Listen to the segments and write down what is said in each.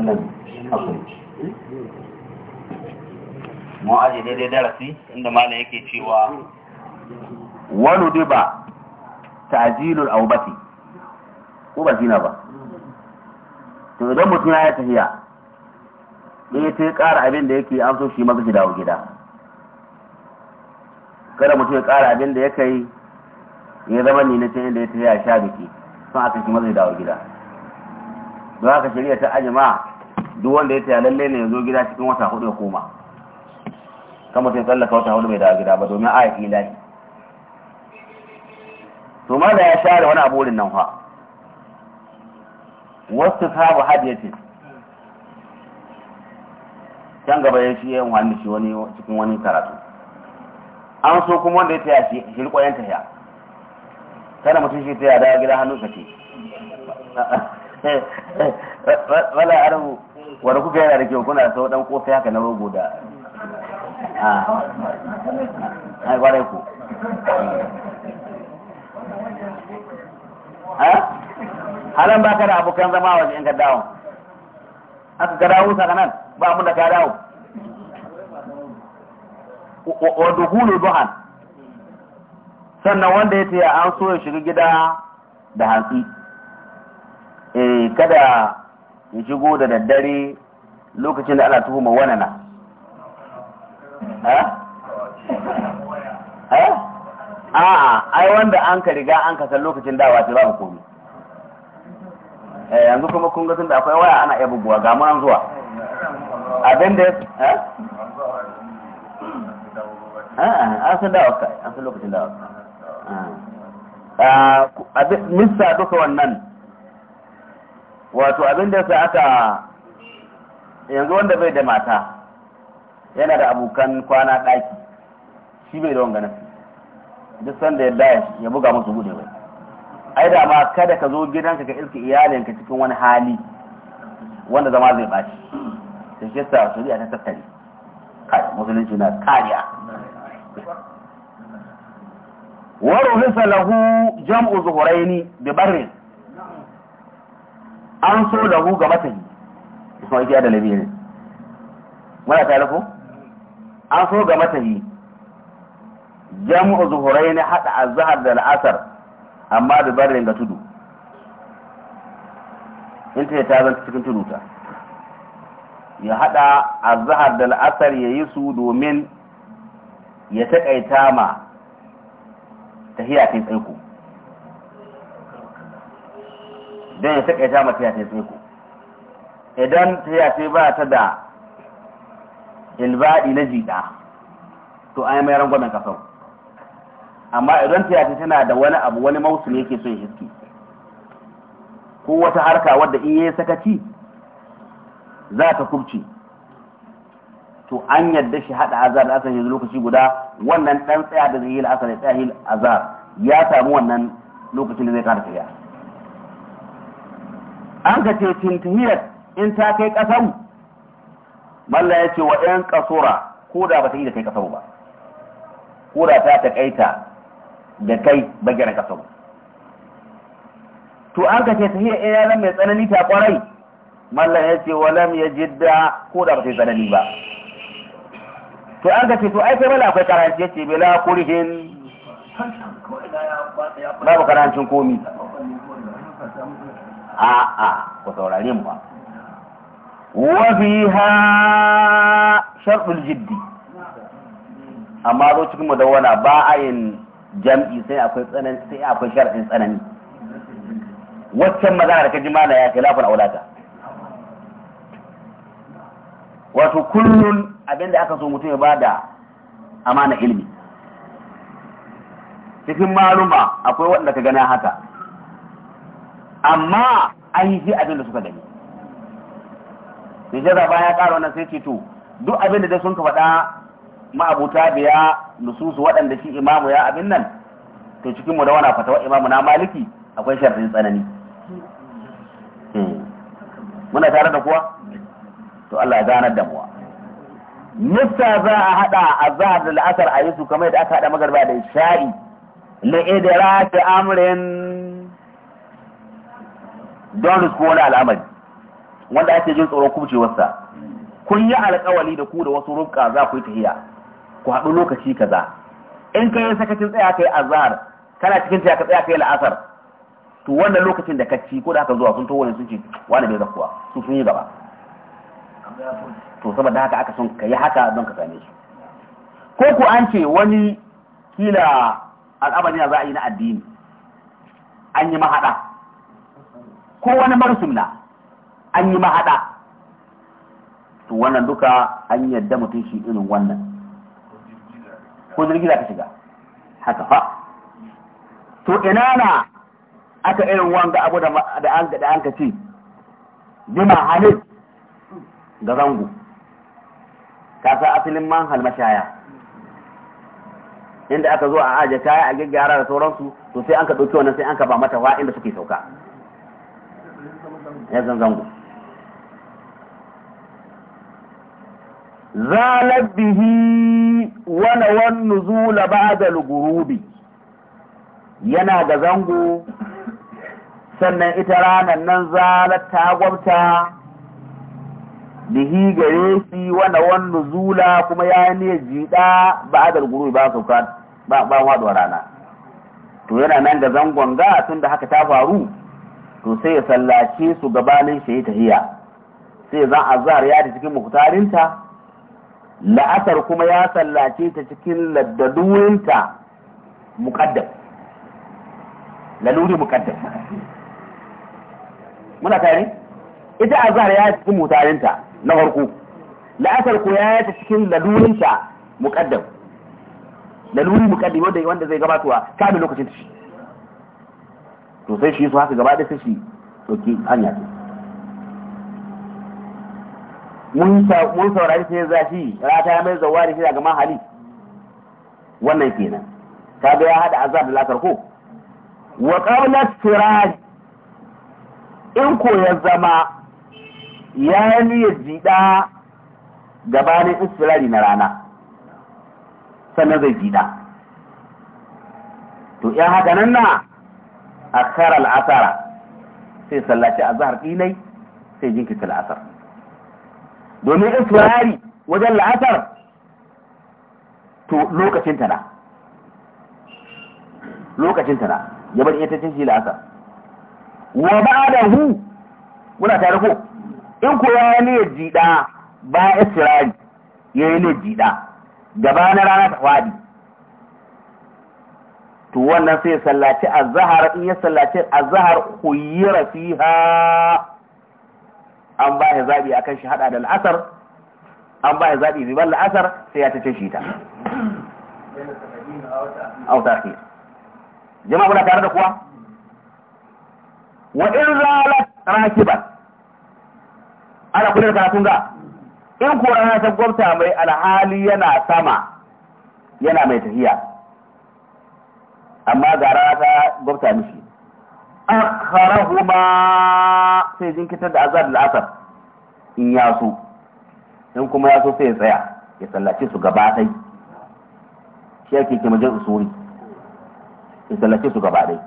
sannan akwai mu aji daidai darasi inda malam yake cewa wani duba tajilul aubati ko ba zina ba to idan mutum ya tafiya ne ta yi ƙara abin da yake an so shi maza shi dawo gida kada mutum ya ƙara abin da ya kai ya zama ne na can inda ya tafiya sha biki sun aka shi maza shi dawo gida don haka shari'a ta ajima duk wanda ya taya lalle ne ya zo gida cikin wata hudu ya koma kan mutum tsallaka wata hudu bai dawo gida ba domin a yi lafi to ma da ya share wani aburin nan fa wasu sabu ce. can gaba ya shi yin wani shi wani cikin wani karatu an so kuma wanda ya taya shi shirƙoyen taya kada mutum shi taya dawo gida hannun ka ce wala arabu wadda kuka yana da kyau kuna sau dan kofi haka na rogo da a ah. kwarai ku a ba ka da abokan zama wajen yanka dawo aka ka dawo saka nan ba mu da ka dawo wa dukulu duhan sannan wanda ya ce an so ya shiga gida da hantsi eh kada in shigo da daddare lokacin da ana tuhuma wani na a ai wanda an ka riga an ka san lokacin dawa ce babu komi eh, yanzu kuma kun ga tun da akwai waya ana iya buguwa ga mu an zuwa abin da an san dawa kai an san lokacin dawa kai ah, ah, mista duka wannan wato abin da sa aka yanzu wanda bai da mata yana da abokan kwana daki shi bai da wangana duk sanda ya daya ya buga musu gude bai ai da ma kada ka zo gidanka ka iska iyalinka cikin wani hali wanda zama zai baci da shi yasa shari'a ta tattare musulunci na kariya wa ruhisa lahu jam'u zuhuraini bi barrin an so lahu ga yi isma'il ya da ne muna ta ko an so ga yi jam'u zuhurai ne a azhar da al'asar amma da barin ga tudu in ta ta zanta cikin tudu ta ya a azhar da al'asar yi su domin ya taƙaita ma ta hiyatin tsaiko don ya taƙaita ma tafiya ta tsaiko idan tafiya ba ta da ilbaɗi na jiɗa to an yi mai rangwamen kasau amma idan tafiya tana da wani abu wani ne yake so ya hiski ko wata harka wadda in yi sakaci za ta kubce to an yadda shi haɗa azar da asali yanzu lokaci guda wannan ɗan tsaya da zai yi la'asar ya tsaya azar ya samu wannan lokacin da zai kara tafiya an ka ce tintihiyar in ta kai kasaru malla ya ce wa ɗan kasura ko da ba ta yi da kai kasaru ba ko da ta taƙaita da kai bagaren kasaru to an ka ce tahiyar in ya mai tsanani ta kwarai malla ya ce walam ya jidda ko da ba ta yi tsanani ba to an ka ce to ai mala akwai karanci ya ce bela kurhin babu karancin komi a'a ku saurare mu ba wa fiha shartul jiddi amma zo cikin mudawwala ba ayin yin jam'i sai akwai tsanani sai akwai sharadin tsanani waccan maza da kaji mana ya khilafun aulata wato kullun abinda aka so mutum ya bada amana ilimi cikin maluma akwai wanda ka gana haka amma an yi shi abin da suka gani nijaza bayan ya ƙara wannan sai ce to duk abin da dai sun ka faɗa ma'abuta biya nususu waɗanda shi imamu ya abin nan to cikin mu da wana fatawa imamu na maliki akwai sharrin tsanani hmm. muna tare da kuwa to Allah ya zanar da muwa nista za a haɗa a zahar da la'asar a yi su kamar yadda aka haɗa magarba da sha'i na idara ta amurin don risku wani al'amari wanda ake jin tsoron kubcewarsa kun yi alƙawari da ku da wasu rubka za ku yi tahiya ku haɗu lokaci kaza in ka yi sakacin tsaya kai azhar kana cikin tsaya ka tsaya kai la'asar to wannan lokacin da ka ci ko da haka zuwa sun to wani sun ce wani bai zakuwa sun sun yi gaba to saboda haka aka son ka yi haka don ka same su ko ku an ce wani kila al'amari za a yi na addini an yi mahaɗa ko wani na, an yi mahaɗa to wannan duka an yadda mutum shi irin wannan ko za ka shiga haka fa to ina na aka irin wanga abu da an da an ka ce bima halin ga zango ka sa asalin man halmashaya inda aka zo a aje kaya a gaggara da sauransu to sai an ka ɗauki wannan sai an ka ba mata wa'in da suke sauka ya san zango bihi wani wani zula ba da lugurubi yana da zango sannan ita ranar nan zalat ta gwamta bihi gare shi wani wani zula kuma ya ne jiɗa ba da lugurubi ba sauka ba waɗuwa rana to yana nan da zangon ga tun da haka ta faru to sai ya sallace su gabanin shi ya tahiya sai za a zahar ya da cikin muktarinta la'asar kuma ya sallace ta cikin laddaduwinta muqaddam laluri muqaddam muna tare ita azhar ya cikin mutarinta na farko la'asar ko ya ta cikin lalurinta muqaddam laluri muqaddam wanda wanda zai gabatuwa kamin lokacin shi to sai shi su haka gaba da sashi, ɗauki hanya ce mun saurari sai zafi rata mai zawa da shi ga mahali wannan kenan ta ga ya haɗa azab da latar ko wa qawla tiraj in ko ya zama ya niyyar jiɗa gabanin isfirari na rana sannan zai jiɗa to ya haka nan na akara al'asara sai sallaci azhar kilai sai jinkirta al'asar domin israri wajen la'asar to lokacin ta na lokacin ta na ya bar ita cin shi la'asar wa ba'dahu muna tare ko in ko ya ne jida ba israri ya ne jida gaba na rana ta fadi to wannan sai sallaci azhar in ya sallaci azhar khuyira fiha an ba ya zabi akan shi hada da al'asar an ba ya zabi bi bal al'asar sai ya ta ce shi ta au takhir jama'a kuna tare da kuwa wa in zalat rakiban ana kula da karatun ga in kuwa rana ta gwamta mai alhali yana sama yana mai tafiya amma ga rana ta gwabta mishi ma sai jinkitar da azar asar in ya so in kuma ya so sai ya tsaya ya sallace su gaba dai shi ake ke majal usuri ya sallace su gaba dai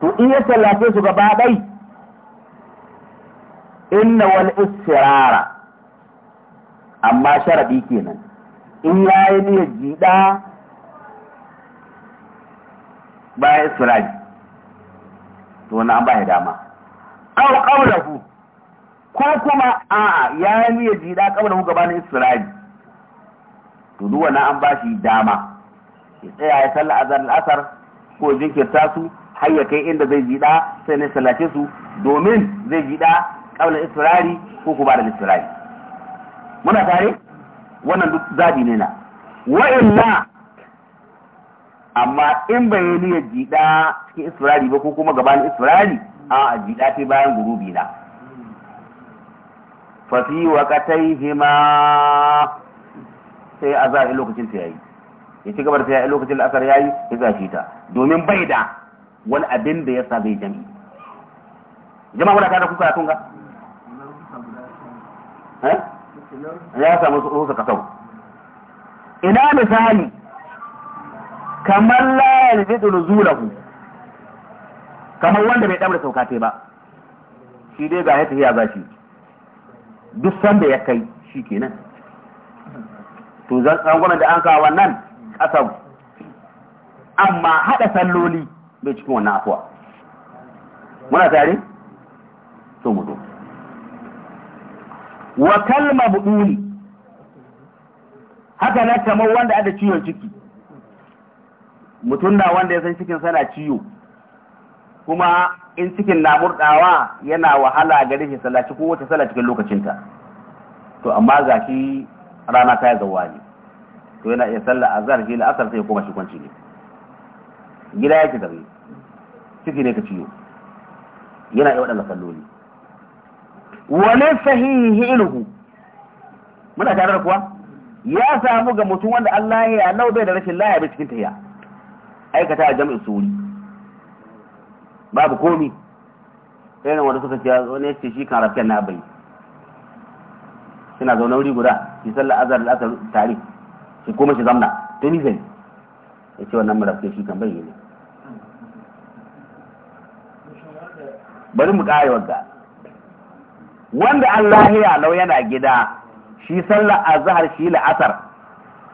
to in ya sallace su gaba dai inna wal istirara amma sharaɗi kenan in ya yi niyyar jiɗa baya istiraji to wani an baya dama aw qablahu ko kuma a ya yi ya jida qablahu gabanin istiraji to duwa na an bashi dama ya tsaya ya salla azan al'asar ko jinkirta su har ya kai inda zai jida sai ne sallace su domin zai jida qabla istirari ko kuma da istirari muna tare wannan duk zabi ne na wa illa amma in bai yi niyyar jiɗa cikin isfirari ba ko kuma gabanin isfirari a jiɗa ta bayan gurubi na fafi wa katai hima sai a za a yi lokacin ta yayi ya ci gaba da ta yayi lokacin da asar yayi ya shi ta domin bai da wani abin da ya sa zai jami jama'a wadata da kuka tunga eh? ya samu su kasau ina misali kamar la yalbidu nuzulahu kamar wanda bai dabra sauka ba shi dai ga yata ya bashi duk sanda ya kai shi kenan to zan tsangwamar da an kawo wannan ƙasar amma haɗa salloli bai cikin wannan afuwa muna tare So mu zo wa kalma buɗuni haka na kamar wanda ada ciwon ciki mutum na wanda ya san cikin sana ciwo kuma in cikin na murdawa yana wahala gare shi salaci ko wata sallah cikin lokacinta to amma ga shi rana ta zawa ne to yana iya salla, a azhar shi la'asar sai kuma shi kwanci ne gida yake zaune ciki ne ka ciwo yana iya waɗanda salloli wani sahihi ilhu muna tare da kuwa ya samu ga mutum wanda Allah ya nau bai da rashin laya bai cikin tahiya aikata a jam'in suri babu komi irin wanda suka ce wani ya ce shi kan rafiyar na bai suna zaune wuri guda shi sallar azar da aka tare shi kuma shi zamna tuni zai ya ce wannan marafke shi kan bai ne bari mu kare wanda wanda an lahiya lau yana gida shi sallar azhar shi la'asar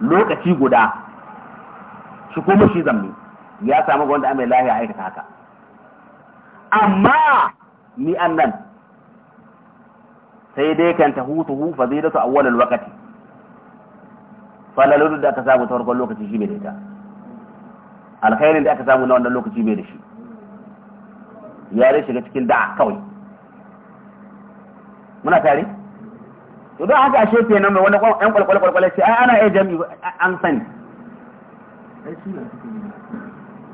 lokaci guda shi kuma shi zamni. ya samu wanda amai a aikata haka amma ni annan sai dai kan ta hutu zai tahutuhu fadilatu awwalul waqti falalun da aka samu ta farkon lokaci shi bai da ita alkhairin da aka samu na wannan lokaci bai da shi ya dai shiga cikin da'a kawai muna tare to don haka ashe nan mai wani ɗan kwalkwale-kwalkwale ce ai ana iya jami'i an sani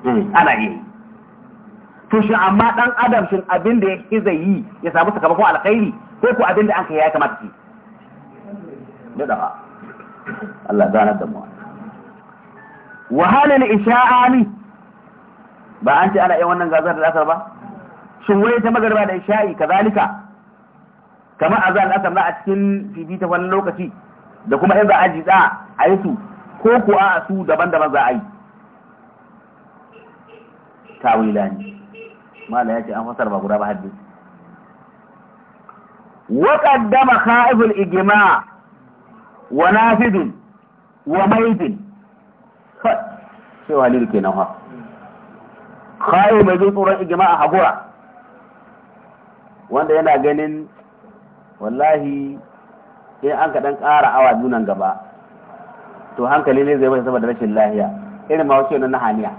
Hmm, ana yi to shi amma dan adam shin abin da yake zai yi ya samu sakamakon alkhairi ko ko abin da an kai ya kamata ki da da Allah ganar da mu wa halal isha'ani ba an ce ana yin wannan gazar da asar ba shin wai ta magarba da isha'i kazalika kamar azan asar na a cikin ta wani lokaci da kuma in za a ji da a yi su ko ko a su daban-daban za a yi tawilani malam ya ce an fasar ba guda ba haddi wa qaddama khaiful ijma wa nafid wa maidin sai walil kenan ha khayu mai zo tsoron ijma a hagura wanda yana ganin wallahi in an kaɗan ƙara awa nunan gaba to hankali ne zai bai saboda rashin lahiya irin ma wasu na haniya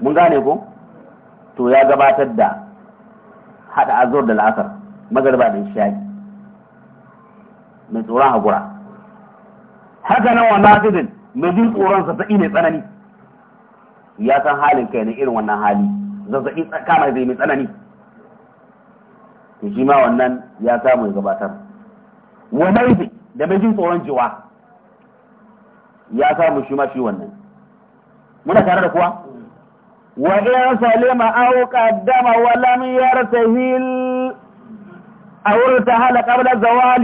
mun gane ko to ya gabatar da hada azur da la'asar magarba da shayi. mai tsoron hakura haka nan wannan tudin mai jin tsoron zazzaɓi mai tsanani ya san halin kai na irin wannan hali zazzaɓi kama zai mai tsanani to shi ma wannan ya samu ya gabatar wa maifi da mai jin tsoron jiwa ya samu shi ma shi wannan muna tare da kuwa وإن سلم أو قدم ولم يرتهل أو ارتهل قبل الزوال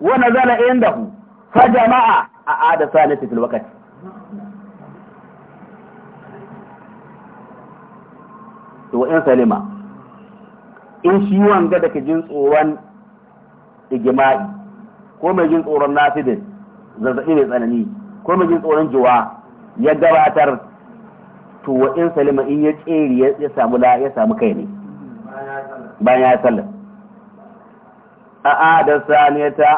ونزل عنده فجمع أعاد ثالث في الوقت وإن سلم in shi wanga da ka igima'i ko mai jin tsoron nasidin zazzaɓi mai tsanani ko mai jin tsoron ya gabatar to wa in salima in ya tsere ya samu la ya samu kai ne bayan ya sallar a'a da saniyata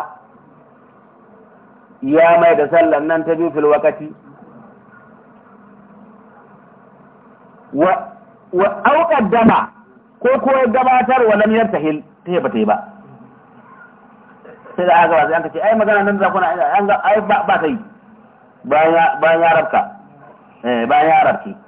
ya mai da sallar nan ta biyu fil wakati wa auƙar dama ko kuwa gabatar wa lamiyar ta yi ba ta yi ba sai da aka wasu yanka ce ai magana nan zakuna ai ba ta yi bayan ya rabka bayan ya rabki eh,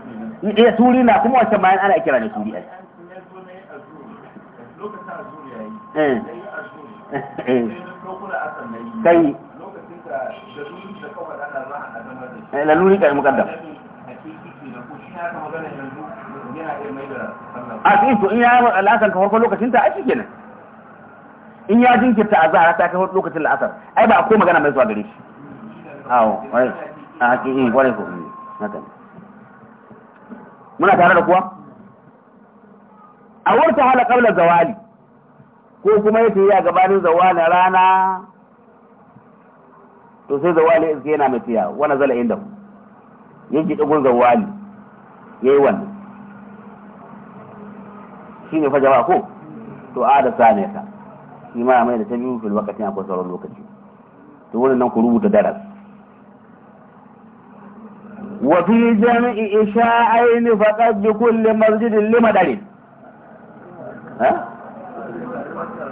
eh turi na kuma wancan bayan ana kira ai eh. kai eh, kai mukaddam a ah, cikin to in ya ka farko lokacin ta a kenan in ya jinkirta a ta kai lokacin la'asar ai ba a ko magana mai zuwa gare shi a kwarai ko eh, muna tare da kuwa a wata hala kabla zawali ko kuma ce ya gabanin zawali rana to sai zawali iske yana mai mutiya wani zala inda ku yanki ɗagun zawali ya yi wannan shi fa jama'a ko to a da sane ka shi ma mai da ta biyu fil a akwai sauran lokaci to nan ku rubuta daras وفي جمع إشاعين فقط بكل مسجد لمدر ها؟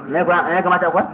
ne kamata